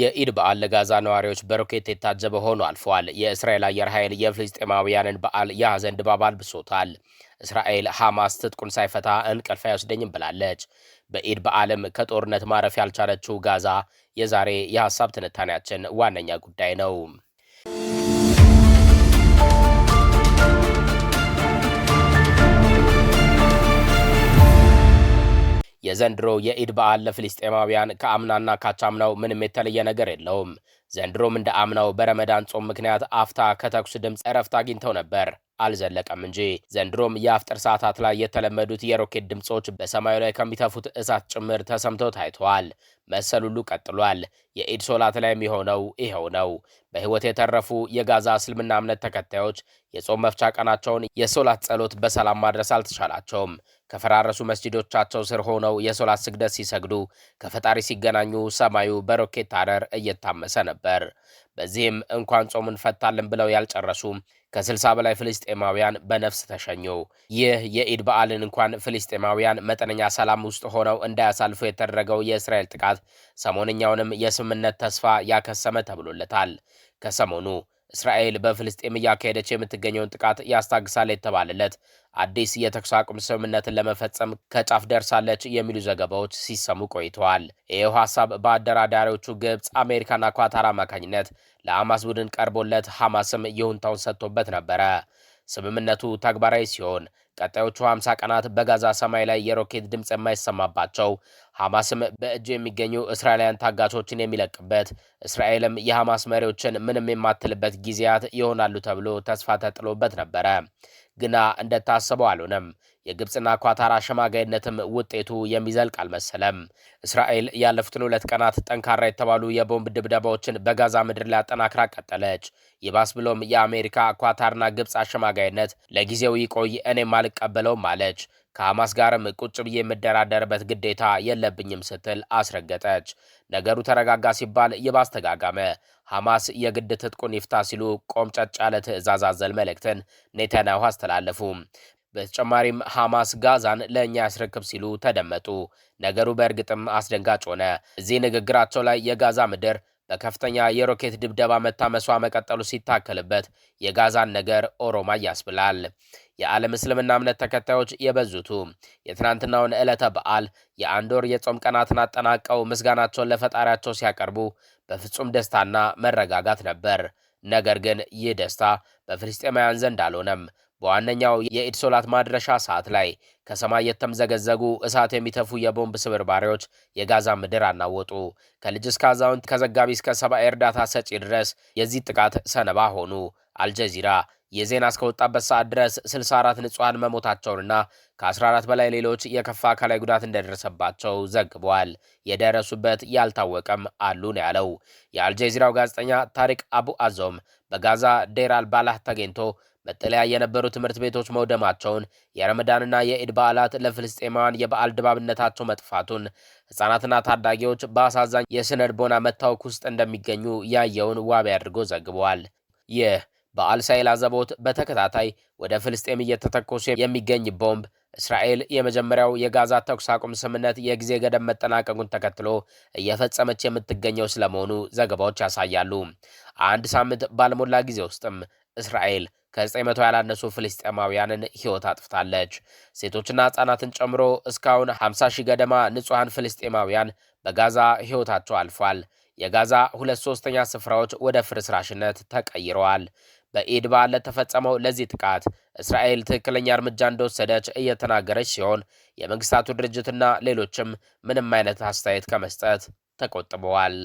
የኢድ በዓል ለጋዛ ነዋሪዎች በሮኬት የታጀበ ሆኖ አልፈዋል። የእስራኤል አየር ኃይል የፍልስጤማውያንን በዓል የሐዘን ድባብ አልብሶታል። እስራኤል ሐማስ ትጥቁን ሳይፈታ እንቅልፍ አይወስደኝም ብላለች። በኢድ በዓልም ከጦርነት ማረፍ ያልቻለችው ጋዛ የዛሬ የሐሳብ ትንታኔያችን ዋነኛ ጉዳይ ነው። የዘንድሮ የኢድ በዓል ለፍልስጤማውያን ከአምናና ካቻምናው ምንም የተለየ ነገር የለውም። ዘንድሮም እንደ አምናው በረመዳን ጾም ምክንያት አፍታ ከተኩስ ድምፅ እረፍት አግኝተው ነበር አልዘለቀም እንጂ ዘንድሮም የአፍጥር ሰዓታት ላይ የተለመዱት የሮኬት ድምፆች በሰማዩ ላይ ከሚተፉት እሳት ጭምር ተሰምተው ታይተዋል። መሰል ሁሉ ቀጥሏል። የኢድ ሶላት ላይ የሚሆነው ይኸው ነው። በሕይወት የተረፉ የጋዛ እስልምና እምነት ተከታዮች የጾም መፍቻ ቀናቸውን የሶላት ጸሎት በሰላም ማድረስ አልተቻላቸውም። ከፈራረሱ መስጂዶቻቸው ስር ሆነው የሶላት ስግደት ሲሰግዱ ከፈጣሪ ሲገናኙ ሰማዩ በሮኬት አረር እየታመሰ ነበር። በዚህም እንኳን ጾም እንፈታለን ብለው ያልጨረሱ ከስልሳ በላይ ፍልስጤማውያን በነፍስ ተሸኙ። ይህ የኢድ በዓልን እንኳን ፍልስጤማውያን መጠነኛ ሰላም ውስጥ ሆነው እንዳያሳልፉ የተደረገው የእስራኤል ጥቃት ሰሞንኛውንም የስምምነት ተስፋ ያከሰመ ተብሎለታል። ከሰሞኑ እስራኤል በፍልስጤም እያካሄደች የምትገኘውን ጥቃት ያስታግሳል የተባለለት አዲስ የተኩስ አቁም ስምምነትን ለመፈጸም ከጫፍ ደርሳለች የሚሉ ዘገባዎች ሲሰሙ ቆይተዋል። ይኸው ሀሳብ በአደራዳሪዎቹ ግብፅ፣ አሜሪካና ኳታር አማካኝነት ለሐማስ ቡድን ቀርቦለት ሐማስም ይሁንታውን ሰጥቶበት ነበረ። ስምምነቱ ተግባራዊ ሲሆን ቀጣዮቹ 50 ቀናት በጋዛ ሰማይ ላይ የሮኬት ድምፅ የማይሰማባቸው ሐማስም በእጁ የሚገኙ እስራኤላውያን ታጋቾችን የሚለቅበት እስራኤልም የሐማስ መሪዎችን ምንም የማትልበት ጊዜያት ይሆናሉ ተብሎ ተስፋ ተጥሎበት ነበረ። ግና እንደታሰበው አልሆነም። የግብፅና ኳታር አሸማጋይነትም ውጤቱ የሚዘልቅ አልመሰለም። እስራኤል ያለፉትን ሁለት ቀናት ጠንካራ የተባሉ የቦምብ ድብደባዎችን በጋዛ ምድር ላይ አጠናክራ ቀጠለች። ይባስ ብሎም የአሜሪካ ኳታርና ግብፅ አሸማጋይነት ለጊዜው ይቆይ፣ እኔም አልቀበለውም አለች። ከሐማስ ጋርም ቁጭ ብዬ የምደራደርበት ግዴታ የለብኝም ስትል አስረገጠች። ነገሩ ተረጋጋ ሲባል ይባስ ተጋጋመ። ሐማስ የግድ ትጥቁን ይፍታ ሲሉ ቆምጨጭ ያለ ትዕዛዝ አዘል መልእክትን ኔታንያሁ አስተላለፉ። በተጨማሪም ሐማስ ጋዛን ለእኛ ያስረክብ ሲሉ ተደመጡ። ነገሩ በእርግጥም አስደንጋጭ ሆነ። እዚህ ንግግራቸው ላይ የጋዛ ምድር በከፍተኛ የሮኬት ድብደባ መታመሷ መቀጠሉ ሲታከልበት የጋዛን ነገር ኦሮማይ ያስብላል። የዓለም እስልምና እምነት ተከታዮች የበዙቱ የትናንትናውን ዕለተ በዓል የአንድ ወር የጾም ቀናትን አጠናቀው ምስጋናቸውን ለፈጣሪያቸው ሲያቀርቡ በፍጹም ደስታና መረጋጋት ነበር። ነገር ግን ይህ ደስታ በፍልስጤማውያን ዘንድ አልሆነም። በዋነኛው ሶላት ማድረሻ ሰዓት ላይ ከሰማይ የተምዘገዘጉ እሳት የሚተፉ የቦምብ ስብርባሪዎች የጋዛ ምድር አናወጡ። ከልጅ እስከ አዛውንት፣ ከዘጋቢ እስከ ሰብአዊ እርዳታ ሰጪ ድረስ የዚህ ጥቃት ሰነባ ሆኑ። አልጀዚራ የዜና እስከወጣበት ሰዓት ድረስ 64 ንጹሐን መሞታቸውንና ከ14 በላይ ሌሎች የከፋ አካላዊ ጉዳት እንደደረሰባቸው ዘግቧል። የደረሱበት ያልታወቀም አሉ ነው ያለው። የአልጀዚራው ጋዜጠኛ ታሪክ አቡ አዞም በጋዛ ዴራል ባላህ ተገኝቶ መጠለያ የነበሩ ትምህርት ቤቶች መውደማቸውን፣ የረመዳንና የኢድ በዓላት ለፍልስጤማውያን የበዓል ድባብነታቸው መጥፋቱን፣ ሕፃናትና ታዳጊዎች በአሳዛኝ የስነ ልቦና መታወክ ውስጥ እንደሚገኙ ያየውን ዋቢ አድርጎ ዘግቧል። ይህ በአልሳይል አዘቦት በተከታታይ ወደ ፍልስጤም እየተተኮሱ የሚገኝ ቦምብ እስራኤል የመጀመሪያው የጋዛ ተኩስ አቁም ስምምነት የጊዜ ገደብ መጠናቀቁን ተከትሎ እየፈጸመች የምትገኘው ስለመሆኑ ዘገባዎች ያሳያሉ። አንድ ሳምንት ባልሞላ ጊዜ ውስጥም እስራኤል ከ900 ያላነሱ ፍልስጤማውያንን ሕይወት አጥፍታለች። ሴቶችና ሕፃናትን ጨምሮ እስካሁን 50 ሺህ ገደማ ንጹሐን ፍልስጤማውያን በጋዛ ሕይወታቸው አልፏል። የጋዛ ሁለት ሶስተኛ ስፍራዎች ወደ ፍርስራሽነት ተቀይረዋል። በኢድ በዓል ለተፈጸመው ለዚህ ጥቃት እስራኤል ትክክለኛ እርምጃ እንደወሰደች እየተናገረች ሲሆን የመንግስታቱ ድርጅትና ሌሎችም ምንም አይነት አስተያየት ከመስጠት ተቆጥበዋል።